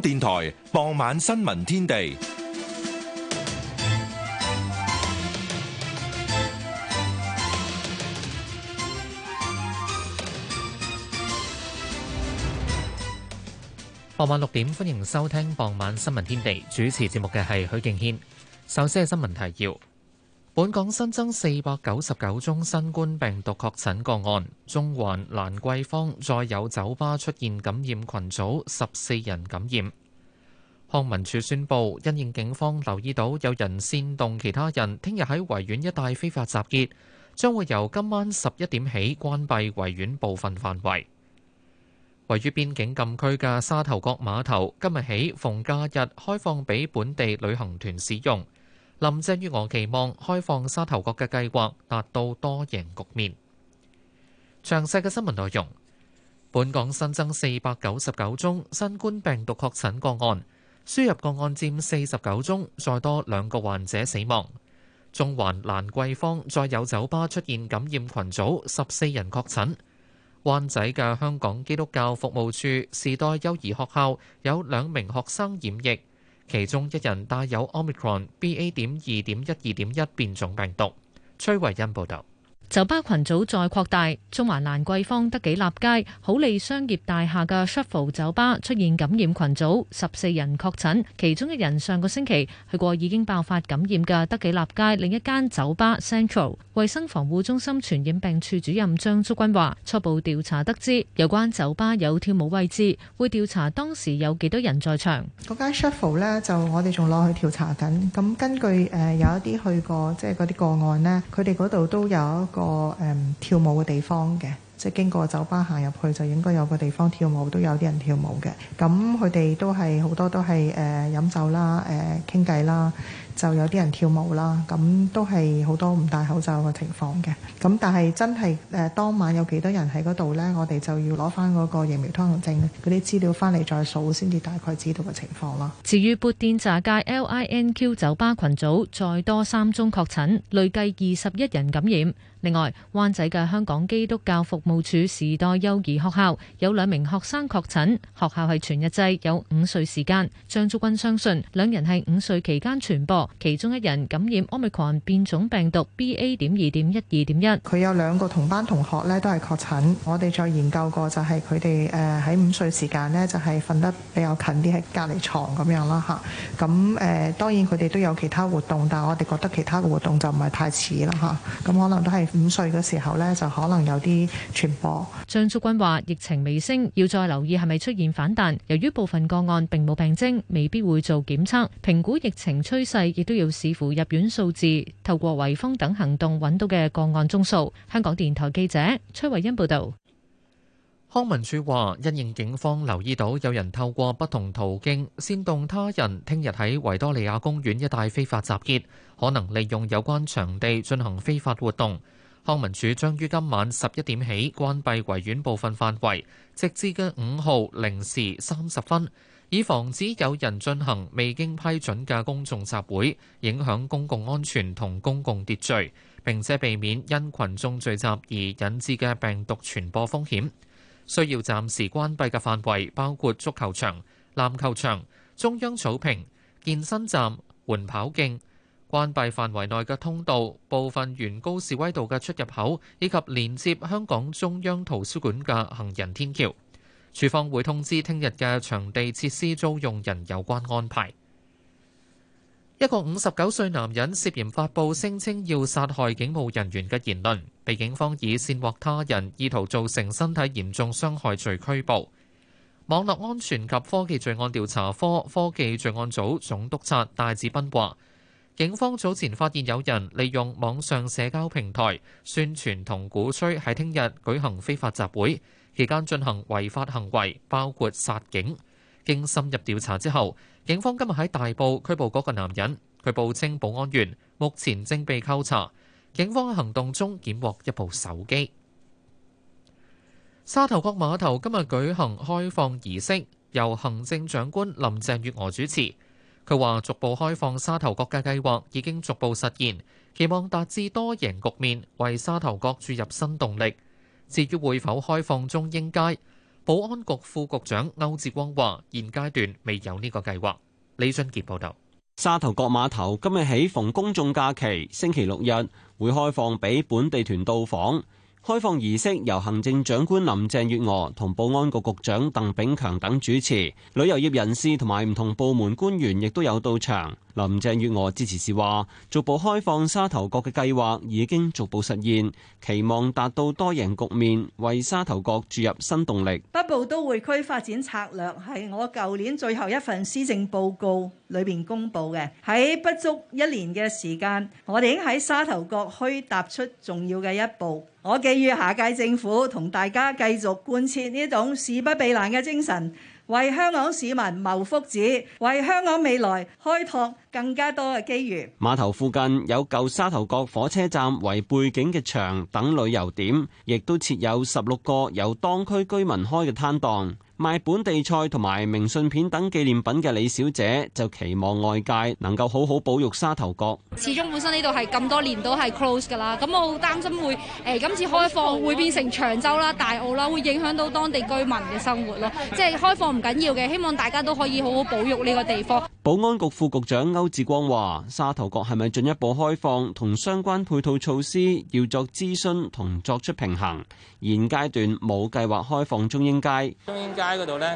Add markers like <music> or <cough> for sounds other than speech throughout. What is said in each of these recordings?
電台傍晚新聞天地，傍晚六點，歡迎收聽傍晚新聞天地。主持節目嘅係許敬軒，首先係新聞提要。本港新增四百九十九宗新冠病毒確診個案，中環蘭桂坊再有酒吧出現感染群組，十四人感染。康文署宣布，因應警方留意到有人煽動其他人，聽日喺維園一帶非法集結，將會由今晚十一點起關閉維園部分範圍。位於邊境禁區嘅沙頭角碼頭今日起逢假日開放俾本地旅行團使用。林鄭月娥期望開放沙頭角嘅計劃達到多贏局面。詳細嘅新聞內容：本港新增四百九十九宗新冠病毒確診個案，輸入個案佔四十九宗，再多兩個患者死亡。中環蘭桂坊再有酒吧出現感染群組，十四人確診。灣仔嘅香港基督教服務處時代幼兒學校有兩名學生染疫。其中一人帶有 Omicron BA. 點二點一二點一變種病毒。崔惠恩報導。酒吧群組再擴大，中環蘭桂坊德己立街好利商業大廈嘅 Shuffle 酒吧出現感染群組，十四人確診，其中一人上個星期去過已經爆發感染嘅德己立街另一間酒吧 Central。衞生防護中心傳染病處主任張竹君話：初步調查得知，有關酒吧有跳舞位置，會調查當時有幾多人在場。嗰間 Shuffle 呢，就我哋仲落去調查緊，咁根據誒、呃、有一啲去過即係嗰啲個案呢，佢哋嗰度都有個誒、嗯、跳舞嘅地方嘅，即係經過酒吧行入去，就應該有個地方跳舞，都有啲人跳舞嘅。咁佢哋都係好多都係誒飲酒啦、誒傾偈啦，就有啲人跳舞啦。咁、嗯、都係好多唔戴口罩嘅情況嘅。咁、嗯、但係真係誒、呃、當晚有幾多人喺嗰度呢？我哋就要攞翻嗰個疫苗通行證嗰啲資料翻嚟再數，先至大概知道嘅情況啦。至於砵甸乍街 L I N Q 酒吧群組再多三宗確診，累計二十一人感染。另外，灣仔嘅香港基督教服務處時代幼兒學校有兩名學生確診，學校係全日制，有午睡時間。張竹君相信兩人係午睡期間傳播，其中一人感染 Omicron 變種病毒 BA. 點二點一二點一。佢有兩個同班同學呢都係確診，我哋再研究過就係佢哋誒喺午睡時間呢就係、是、瞓得比較近啲喺隔離床咁樣啦嚇。咁誒、呃、當然佢哋都有其他活動，但係我哋覺得其他嘅活動就唔係太似啦嚇。咁可能都係。五歲嘅時候呢，就可能有啲傳播。張竹君話：疫情未升，要再留意係咪出現反彈。由於部分個案並冇病徵，未必會做檢測，評估疫情趨勢亦都要視乎入院數字、透過圍封等行動揾到嘅個案宗數。香港電台記者崔慧欣報道，康文署話：因應警方留意到有人透過不同途徑煽動他人，聽日喺維多利亞公園一帶非法集結，可能利用有關場地進行非法活動。康文署將於今晚十一點起關閉維園部分範圍，直至嘅五號零時三十分，以防止有人進行未經批准嘅公眾集會，影響公共安全同公共秩序，並且避免因群眾聚集而引致嘅病毒傳播風險。需要暫時關閉嘅範圍包括足球場、籃球場、中央草坪、健身站、緩跑徑。關閉範圍內嘅通道、部分沿高士威道嘅出入口，以及連接香港中央圖書館嘅行人天橋。處方會通知聽日嘅場地設施租用人有關安排。 <noise> 一個五十九歲男人涉嫌發佈聲稱要殺害警務人員嘅言論，被警方以煽惑他人意圖造成身體嚴重傷害罪拘捕。網絡安全及科技罪案調查科科技罪案組總督察戴志斌話。警方早前發現有人利用網上社交平台宣傳同鼓吹喺聽日舉行非法集會，期間進行違法行為，包括殺警。經深入調查之後，警方今日喺大埔拘捕嗰個男人，佢報稱保安員，目前正被扣查。警方喺行動中檢獲一部手機。沙頭角碼頭今日舉行開放儀式，由行政長官林鄭月娥主持。佢話：逐步開放沙頭角嘅計劃已經逐步實現，期望達至多贏局面，為沙頭角注入新動力。至於會否開放中英街，保安局副局長歐志光話：現階段未有呢個計劃。李俊傑報導。沙頭角碼頭今日起逢公眾假期，星期六日會開放畀本地團到訪。開放儀式由行政長官林鄭月娥同保安局局長鄧炳強等主持，旅遊業人士同埋唔同部門官員亦都有到場。林鄭月娥支持時話，逐步開放沙頭角嘅計劃已經逐步實現，期望達到多贏局面，為沙頭角注入新動力。北部都會區發展策略係我舊年最後一份施政報告裏面公布嘅，喺不足一年嘅時間，我哋已經喺沙頭角區踏出重要嘅一步。我寄予下屆政府同大家繼續貫徹呢種事不避難嘅精神。為香港市民謀福祉，為香港未來開拓更加多嘅機遇。碼頭附近有舊沙頭角火車站為背景嘅牆等旅遊點，亦都設有十六個由當區居民開嘅攤檔。賣本地菜同埋明信片等紀念品嘅李小姐就期望外界能夠好好保育沙頭角。始終本身呢度係咁多年都係 close 噶啦，咁我好擔心會誒、呃、今次開放會變成長洲啦、大澳啦，會影響到當地居民嘅生活咯。即係開放唔緊要嘅，希望大家都可以好好保育呢個地方。保安局副局長歐志光話：沙頭角係咪進一步開放同相關配套措施要作諮詢同作出平衡，現階段冇計劃開放中英街。中英街。街嗰度呢，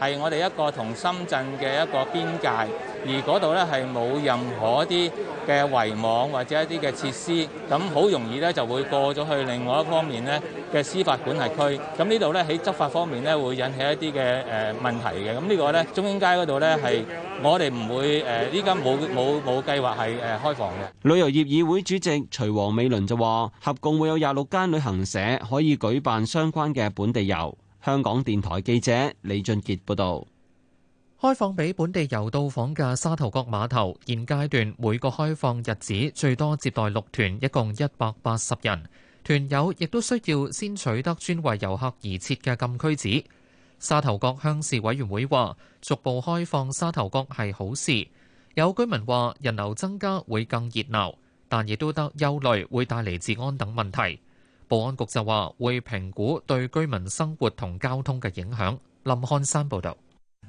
係我哋一個同深圳嘅一個邊界，而嗰度呢係冇任何一啲嘅圍網或者一啲嘅設施，咁好容易呢就會過咗去另外一方面呢嘅司法管轄區。咁呢度呢喺執法方面呢會引起一啲嘅誒問題嘅。咁呢個呢，中英街嗰度呢係我哋唔會誒，依家冇冇冇計劃係誒開放嘅。旅遊業議會主席徐黃美倫就話：合共會有廿六間旅行社可以舉辦相關嘅本地遊。香港電台記者李俊杰報道：開放俾本地遊到訪嘅沙頭角碼頭，現階段每個開放日子最多接待六團，一共一百八十人。團友亦都需要先取得專為遊客而設嘅禁區紙。沙頭角鄉事委員會話，逐步開放沙頭角係好事。有居民話，人流增加會更熱鬧，但亦都得憂慮會帶嚟治安等問題。保安局就話會評估對居民生活同交通嘅影響。林漢山報導，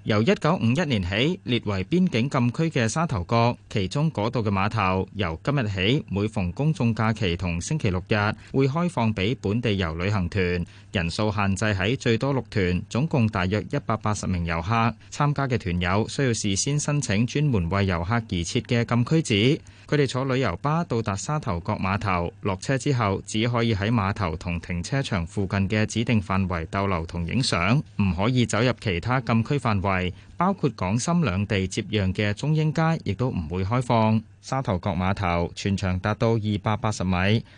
由一九五一年起列為邊境禁區嘅沙頭角，其中嗰度嘅碼頭，由今日起每逢公眾假期同星期六日會開放俾本地遊旅行團，人數限制喺最多六團，總共大約一百八十名遊客。參加嘅團友需要事先申請，專門為遊客而設嘅禁區紙。佢哋坐旅遊巴到達沙頭角碼頭，落車之後只可以喺碼頭同停車場附近嘅指定範圍逗留同影相，唔可以走入其他禁區範圍。包括港深兩地接壤嘅中英街，亦都唔會開放。沙頭角碼頭全長達到二百八十米，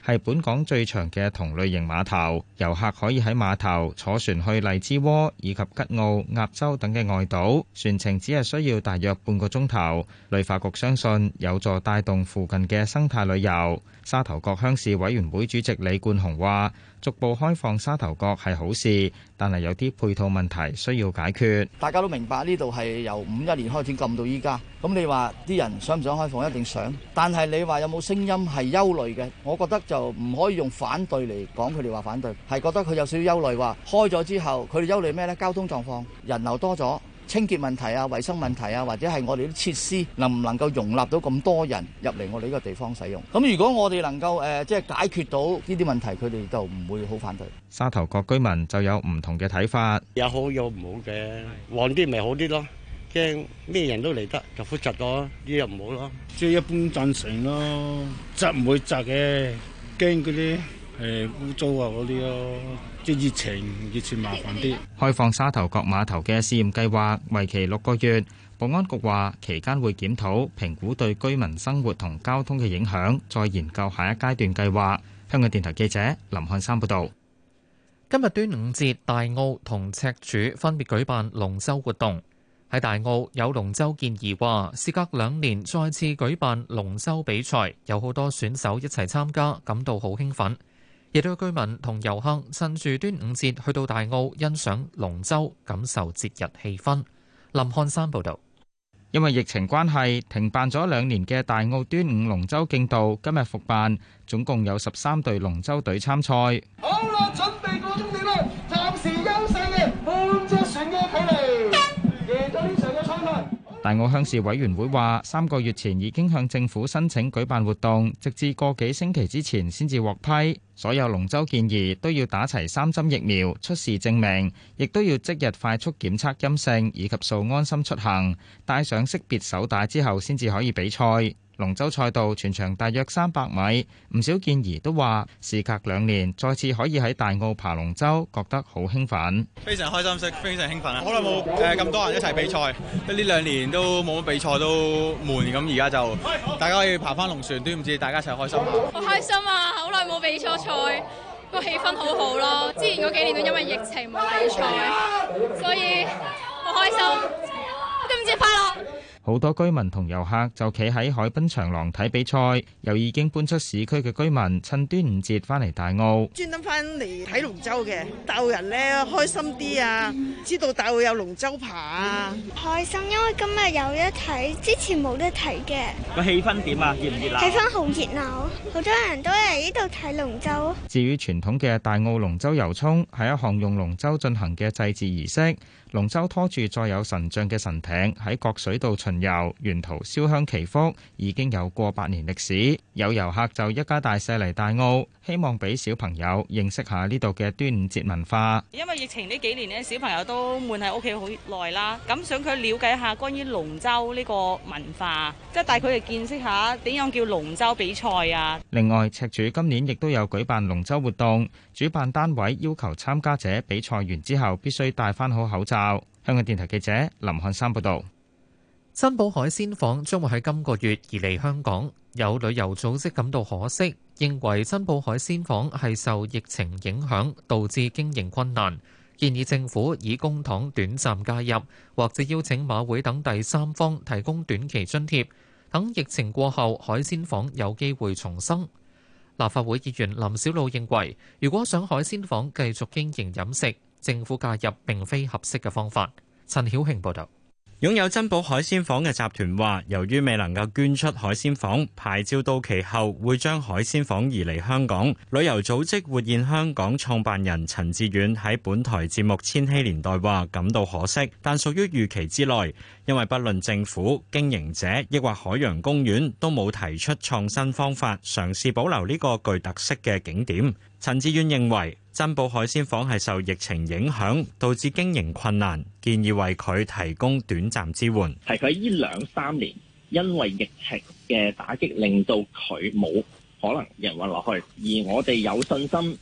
係本港最長嘅同類型碼頭，遊客可以喺碼頭坐船去荔枝窩以及吉澳、鴨洲等嘅外島，船程只係需要大約半個鐘頭，旅發局相信有助帶動附近嘅生態旅遊。沙頭角鄉事委員會主席李冠雄話，逐步開放沙頭角係好事，但係有啲配套問題需要解決。大家都明白呢度係由五一年開始禁到依家，咁你話啲人想唔想開放一定想，但係你話有冇聲音係憂慮嘅，我覺得就唔可以用反對嚟講，佢哋話反對，係覺得佢有少少憂慮。話開咗之後，佢哋憂慮咩呢？交通狀況，人流多咗。清潔問題啊、衞生問題啊，或者係我哋啲設施能唔能夠容納到咁多人入嚟我哋呢個地方使用？咁如果我哋能夠誒即係解決到呢啲問題，佢哋就唔會好反對。沙頭角居民就有唔同嘅睇法，有好有唔好嘅，旺啲咪好啲咯，驚咩人都嚟得，就複雜咗，呢又唔好咯，即係一般贊成咯，窒唔會窒嘅，驚嗰啲。誒污糟啊！嗰啲咯，即係熱情，熱情麻煩啲。開放沙頭角碼頭嘅試驗計劃，為期六個月。保安局話，期間會檢討評估對居民生活同交通嘅影響，再研究下一階段計劃。香港電台記者林漢山報道：「今日端午節，大澳同赤柱分別舉辦龍舟活動。喺大澳有龍舟健兒話：事隔兩年再次舉辦龍舟比賽，有好多選手一齊參加，感到好興奮。亦都有居民同遊客趁住端午節去到大澳欣賞龍舟，感受節日氣氛。林漢山報導，因為疫情關係停辦咗兩年嘅大澳端午龍舟競渡，今日復辦，總共有十三隊龍舟隊參賽。好啦，準備過終點啦，暫時休息。大澳鄉事委員會話：三個月前已經向政府申請舉辦活動，直至個幾星期之前先至獲批。所有龍舟建議都要打齊三針疫苗、出示證明，亦都要即日快速檢測陰性以及掃安心出行，戴上識別手帶之後先至可以比賽。龍舟賽道全長大約三百米，唔少健兒都話，時隔兩年再次可以喺大澳爬龍舟，覺得好興奮。非常開心，式非常興奮啊！好耐冇誒咁多人一齊比賽，呢兩年都冇乜比賽都悶，咁而家就大家可以爬翻龍船，都唔知大家一齊開心。好開心啊！好耐冇比賽賽，個氣氛好好咯。之前嗰幾年都因為疫情冇比賽，所以好開心。好多居民同遊客就企喺海濱長廊睇比賽，又已經搬出市區嘅居民趁端午節返嚟大澳，專登翻嚟睇龍舟嘅，大澳人呢開心啲啊！知道大澳有龍舟爬啊，開心，因為今日有一睇，之前冇得睇嘅。個氣氛點啊？熱唔熱鬧？氣氛好熱鬧，好多人都嚟呢度睇龍舟。至於傳統嘅大澳龍舟遊涌，係一項用龍舟進行嘅祭祀儀式，龍舟拖住載有神像嘅神艇喺各水道。巡遊，沿途燒香祈福，已經有過百年歷史。有遊客就一家大細嚟大澳，希望俾小朋友認識下呢度嘅端午節文化。因為疫情呢幾年咧，小朋友都悶喺屋企好耐啦，咁想佢了解下關於龍舟呢個文化，即係帶佢哋見識下點樣叫龍舟比賽啊。另外，赤柱今年亦都有舉辦龍舟活動，主辦單位要求參加者比賽完之後必須戴翻好口罩。香港電台記者林漢山報道。珍寶海鮮舫將會喺今個月移離香港，有旅遊組織感到可惜，認為珍寶海鮮舫係受疫情影響導致經營困難，建議政府以公帑短暫介入，或者邀請馬會等第三方提供短期津貼，等疫情過後海鮮舫有機會重生。立法會議員林筱魯認為，如果想海鮮舫繼續經營飲食，政府介入並非合適嘅方法。陳曉慶報導。擁有珍寶海鮮舫嘅集團話，由於未能夠捐出海鮮舫，牌照到期後會將海鮮舫移離香港。旅遊組織活現香港創辦人陳志遠喺本台節目《千禧年代》話感到可惜，但屬於預期之內，因為不論政府、經營者，抑或海洋公園，都冇提出創新方法，嘗試保留呢個具特色嘅景點。陳志遠認為珍寶海鮮舫係受疫情影響導致經營困難，建議為佢提供短暫支援。係佢呢兩三年因為疫情嘅打擊，令到佢冇可能營運落去。而我哋有信心，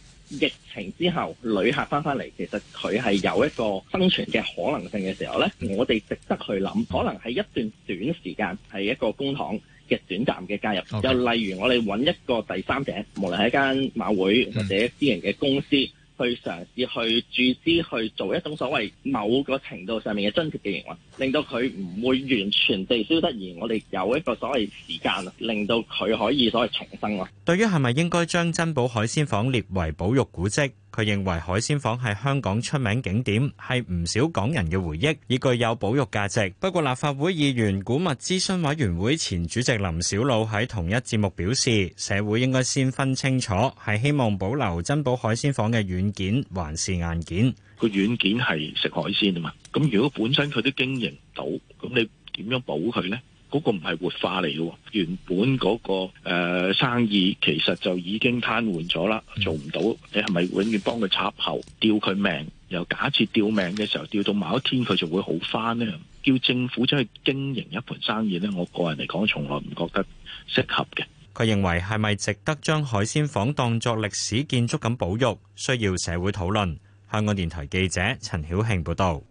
疫情之後旅客翻翻嚟，其實佢係有一個生存嘅可能性嘅時候呢，我哋值得去諗，可能係一段短時間係一個公帑。嘅短暫嘅介入，又 Okay. 例如我哋揾一個第三者，無論係一間馬會或者私人嘅公司，嗯、去嘗試去注資去做一種所謂某個程度上面嘅增值營運喎，令到佢唔會完全地消失，而我哋有一個所謂時間，令到佢可以所謂重生喎。對於係咪應該將珍寶海鮮舫列為保育古蹟？佢認為海鮮舫係香港出名景點，係唔少港人嘅回憶，已具有保育價值。不過立法會議員古物諮詢委員會前主席林筱魯喺同一節目表示，社會應該先分清楚係希望保留珍寶海鮮舫嘅軟件還是硬件。個軟件係食海鮮啊嘛，咁如果本身佢都經營唔到，咁你點樣保佢呢？嗰個唔係活化嚟嘅，原本嗰個生意其實就已經癱瘓咗啦，做唔到。你係咪永遠幫佢插喉吊佢命？又假設吊命嘅時候吊到某一天佢就會好翻呢？叫政府走去經營一盤生意呢。我個人嚟講從來唔覺得適合嘅。佢認為係咪值得將海鮮舫當作歷史建築咁保育？需要社會討論。香港電台記者陳曉慶報道。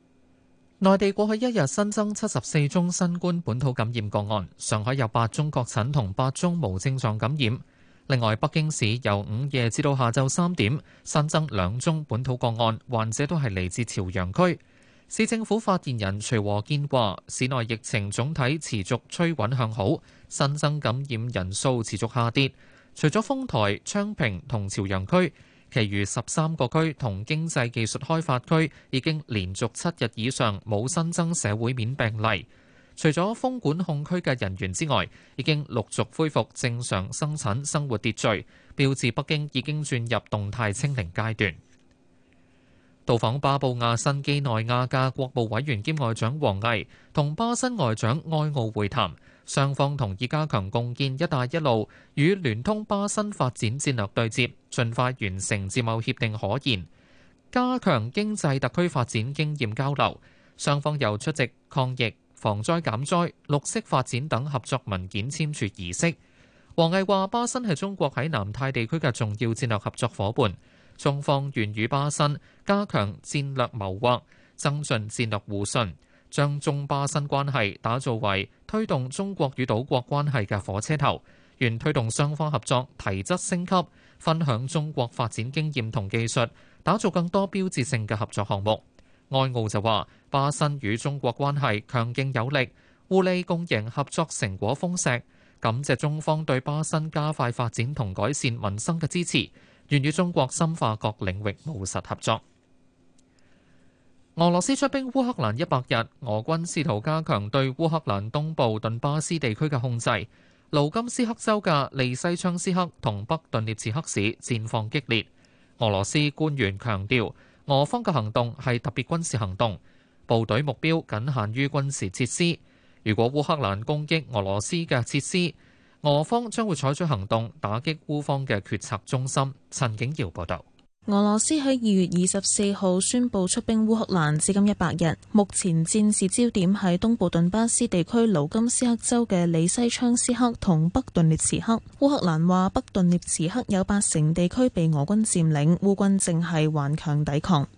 內地過去一日新增七十四宗新冠本土感染個案，上海有八宗確診同八宗無症狀感染。另外，北京市由午夜至到下晝三點新增兩宗本土個案，患者都係嚟自朝陽區。市政府發言人徐和建話：市內疫情總體持續趨穩向好，新增感染人數持續下跌。除咗豐台、昌平同朝陽區，其餘十三個區同經濟技術開發區已經連續七日以上冇新增社會面病例，除咗封管控區嘅人員之外，已經陸續恢復正常生產生活秩序，標誌北京已經轉入動態清零階段。到訪巴布亞新畿內亞嘅國務委員兼外長王毅同巴新外長埃奧會談。雙方同意加強共建“一帶一路”與聯通巴新發展戰略對接，盡快完成自貿協定可言，加強經濟特區發展經驗交流。雙方又出席抗疫、防災減災、綠色發展等合作文件簽署儀式。王毅話：巴新係中國喺南太地區嘅重要戰略合作伙伴，中方願與巴新加強戰略謀劃，增進戰略互信，將中巴新關係打造為。推動中國與島國關係嘅火車頭，願推動雙方合作提質升級，分享中國發展經驗同技術，打造更多標誌性嘅合作項目。外澳就話：巴新與中國關係強勁有力，互利共贏合作成果豐碩，感謝中方對巴新加快發展同改善民生嘅支持，願與中國深化各領域務實合作。俄羅斯出兵烏克蘭一百日，俄軍試圖加強對烏克蘭東部頓巴斯地區嘅控制。盧甘斯克州嘅利西昌斯克同北頓涅茨克市戰況激烈。俄羅斯官員強調，俄方嘅行動係特別軍事行動，部隊目標僅限於軍事設施。如果烏克蘭攻擊俄羅斯嘅設施，俄方將會採取行動打擊烏方嘅決策中心。陳景堯報道。俄羅斯喺二月二十四號宣布出兵烏克蘭至今一百日，目前戰事焦點喺東部頓巴斯地區盧甘斯克州嘅里西昌斯克同北頓涅茨克。烏克蘭話北頓涅茨克有八成地區被俄軍佔領，烏軍正係頑強抵抗。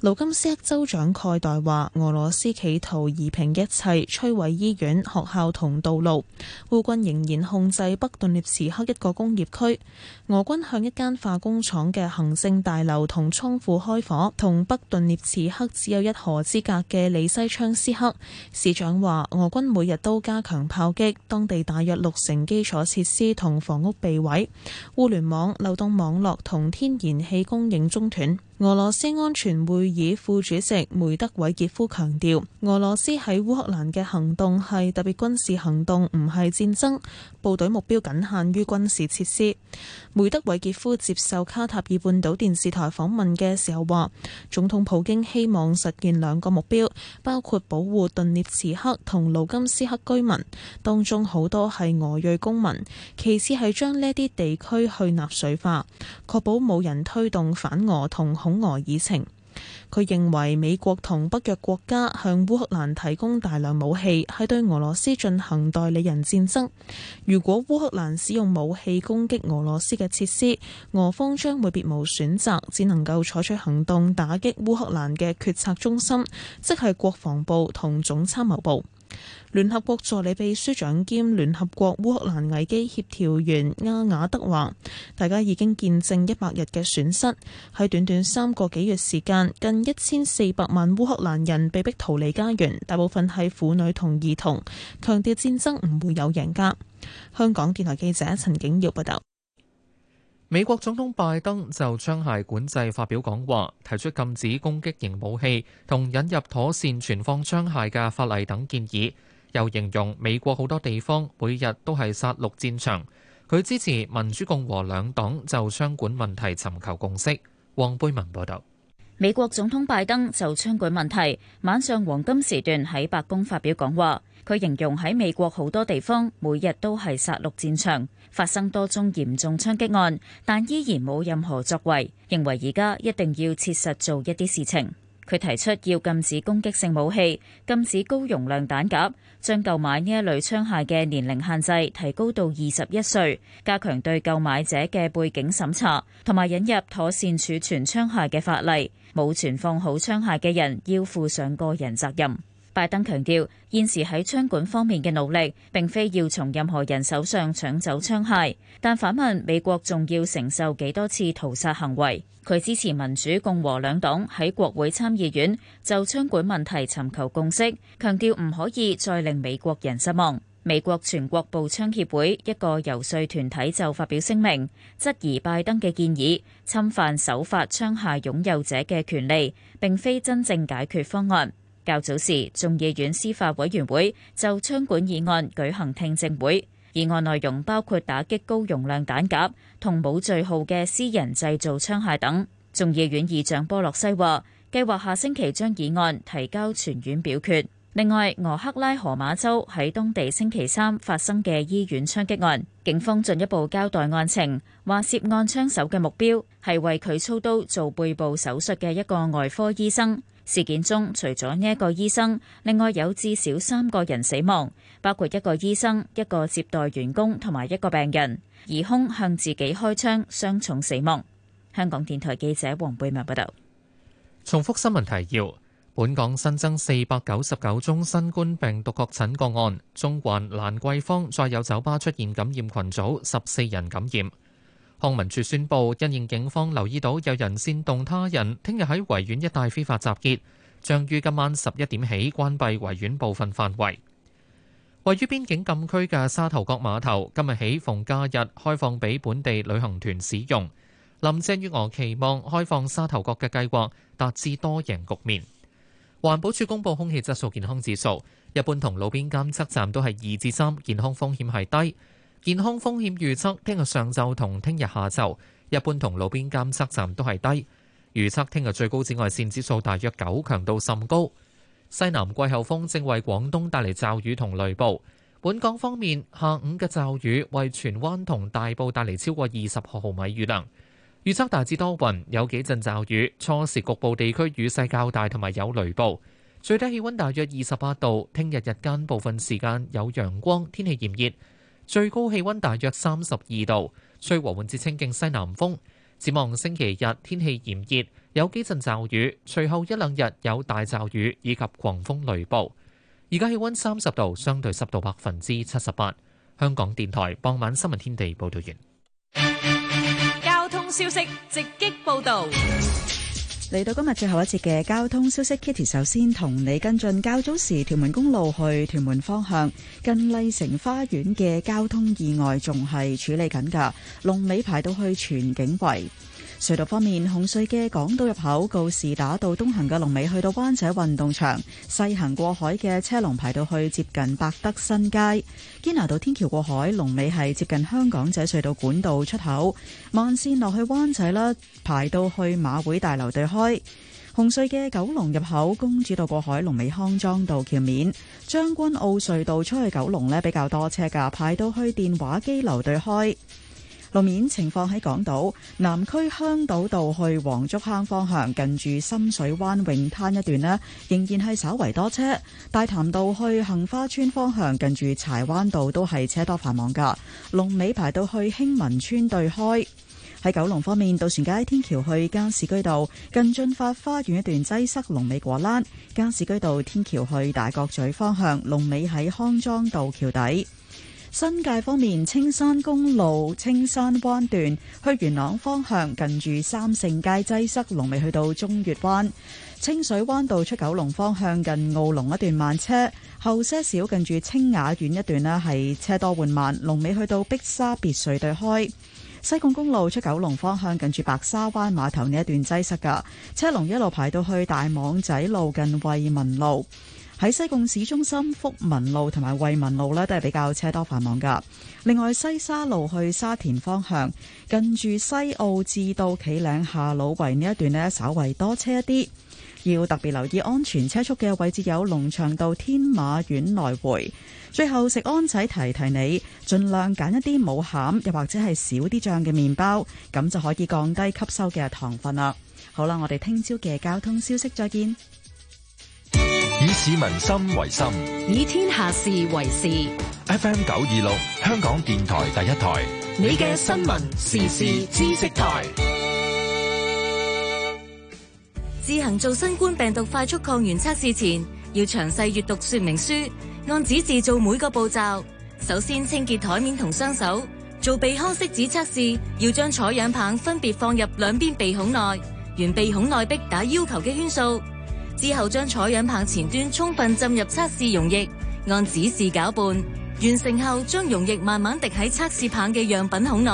盧金斯克州長蓋代話：俄羅斯企圖移平一切，摧毀醫院、學校同道路。烏軍仍然控制北頓涅茨克一個工業區。俄軍向一間化工廠嘅行政大樓同倉庫開火。同北頓涅茨克只有一河之隔嘅里西昌斯克市長話：俄軍每日都加強炮擊，當地大約六成基礎設施同房屋被毀，互聯網、流動網絡同天然氣供應中斷。俄羅斯安全會議副主席梅德韋傑夫強調，俄羅斯喺烏克蘭嘅行動係特別軍事行動，唔係戰爭。部隊目標僅限於軍事設施。梅德韋傑夫接受卡塔爾半島電視台訪問嘅時候話，總統普京希望實現兩個目標，包括保護頓涅茨克同盧甘斯克居民，當中好多係俄裔公民；其次係將呢啲地區去納粹化，確保冇人推動反俄同恐俄耳情，佢認為美國同北約國家向烏克蘭提供大量武器，係對俄羅斯進行代理人戰爭。如果烏克蘭使用武器攻擊俄羅斯嘅設施，俄方將會別無選擇，只能夠採取行動打擊烏克蘭嘅決策中心，即係國防部同總參謀部。聯合國助理秘書長兼聯合國烏克蘭危機協調員阿雅德話：大家已經見證一百日嘅損失，喺短短三個幾月時間，近一千四百萬烏克蘭人被迫逃離家園，大部分係婦女同兒童。強調戰爭唔會有贏家。香港電台記者陳景耀報道。美國總統拜登就槍械管制發表講話，提出禁止攻擊型武器同引入妥善存放槍械嘅法例等建議，又形容美國好多地方每日都係殺戮戰場。佢支持民主共和兩黨就槍管問題尋求共識。黃貝文報道，美國總統拜登就槍管問題晚上黃金時段喺白宮發表講話。佢形容喺美國好多地方每日都係殺戮戰場，發生多宗嚴重槍擊案，但依然冇任何作為。認為而家一定要切實做一啲事情。佢提出要禁止攻擊性武器，禁止高容量彈匣，將購買呢一類槍械嘅年齡限制提高到二十一歲，加強對購買者嘅背景審查，同埋引入妥善儲存槍械嘅法例，冇存放好槍械嘅人要負上個人責任。拜登強調，現時喺槍管方面嘅努力，並非要從任何人手上搶走槍械，但反問美國仲要承受幾多次屠殺行為？佢支持民主共和兩黨喺國會參議院就槍管問題尋求共識，強調唔可以再令美國人失望。美國全國步槍協會一個遊說團體就發表聲明，質疑拜登嘅建議侵犯守法槍械擁有者嘅權利，並非真正解決方案。較早時，眾議院司法委員會就槍管議案舉行聽證會，議案內容包括打擊高容量彈夾同冇序號嘅私人製造槍械等。眾議院議長波洛西話，計劃下星期將議案提交全院表決。另外，俄克拉荷馬州喺當地星期三發生嘅醫院槍擊案，警方進一步交代案情，話涉案槍手嘅目標係為佢操刀做背部手術嘅一個外科醫生。事件中，除咗呢一個醫生，另外有至少三個人死亡，包括一個醫生、一個接待員工同埋一個病人。疑兇向自己開槍，傷重死亡。香港電台記者黃貝文報道。重複新聞提要：本港新增四百九十九宗新冠病毒確診個案，中環蘭桂坊再有酒吧出現感染群組，十四人感染。康文署宣布，因應警方留意到有人煽動他人，聽日喺維園一帶非法集結，將於今晚十一點起關閉維園部分範圍。位於邊境禁區嘅沙頭角碼頭今日起逢假日開放俾本地旅行團使用。林鄭月娥期望開放沙頭角嘅計劃達至多贏局面。環保署公布空氣質素健康指數，一般同路邊監測站都係二至三，健康風險係低。健康風險預測，聽日上晝同聽日下晝，一般同路邊監測站都係低。預測聽日最高紫外線指數大約九，強度甚高。西南季候風正為廣東帶嚟驟雨同雷暴。本港方面，下午嘅驟雨為荃灣同大埔帶嚟超過二十毫米雨量。預測大致多雲，有幾陣驟雨，初時局部地區雨勢較大，同埋有雷暴。最低氣溫大約二十八度。聽日日間部分時間有陽光，天氣炎熱。最高氣溫大約三十二度，吹和緩至清勁西南風。展望星期日天氣炎熱，有幾陣驟雨，隨後一兩日有大驟雨以及狂風雷暴。而家氣溫三十度，相對濕度百分之七十八。香港電台傍晚新聞天地報導完。交通消息直擊報導。嚟到今日最後一節嘅交通消息，Kitty 首先同你跟進。較早時，屯門公路去屯門方向，近麗城花園嘅交通意外仲係處理緊㗎，龍尾排到去荃景圍。隧道方面，紅隧嘅港島入口告士打道東行嘅龍尾去到灣仔運動場，西行過海嘅車龍排到去接近百德新街。堅拿道天橋過海龍尾係接近香港仔隧道管道出口，慢線落去灣仔啦，排到去馬會大樓對開。紅隧嘅九龍入口公主道過海龍尾康莊道橋面，將軍澳隧道出去九龍呢，比較多車㗎，排到去電話機樓對開。路面情況喺港島南區香島道去黃竹坑方向，近住深水灣泳灘一段呢，仍然係稍微多車。大潭道去杏花邨方向，近住柴灣道都係車多繁忙㗎。龍尾排到去興民村對開。喺九龍方面，渡船街天橋去加士居道，近進發花園一段擠塞，龍尾果欄。加士居道天橋去大角咀方向，龍尾喺康莊道橋底。新界方面，青山公路青山灣段去元朗方向，近住三聖街擠塞，龍尾去到中岳灣；清水灣道出九龍方向，近奧龍一段慢車，後些少近住清雅苑一段呢係車多緩慢，龍尾去到碧沙別墅對開；西貢公路出九龍方向，近住白沙灣碼頭呢一段擠塞噶，車龍一路排到去大網仔路近惠民路。喺西貢市中心福民路同埋惠民路呢，都係比較車多繁忙噶。另外，西沙路去沙田方向，近住西澳至到企嶺下老圍呢一段呢，稍微多車一啲。要特別留意安全車速嘅位置有龍翔道天馬苑來回。最後食安仔提提提你，儘量揀一啲冇餡又或者係少啲醬嘅麵包，咁就可以降低吸收嘅糖分啦。好啦，我哋聽朝嘅交通消息，再見。以市民心為心，以天下事為事。FM 九二六，香港電台第一台。你嘅新聞、時事、知識台。自行做新冠病毒快速抗原測試前，要詳細閱讀說明書，按指示做每個步驟。首先清潔台面同雙手。做鼻腔拭子測試，要將採樣棒分別放入兩邊鼻孔內，沿鼻孔內壁打要求嘅圈數。之後將採樣棒前端充分浸入測試溶液，按指示攪拌，完成後將溶液慢慢滴喺測試棒嘅樣品孔內，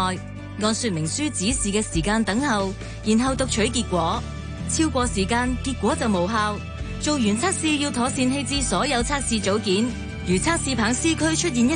按說明書指示嘅時間等候，然後讀取結果。超過時間結果就無效。做完測試要妥善棄置所有測試組件。如測試棒 C 區出現一。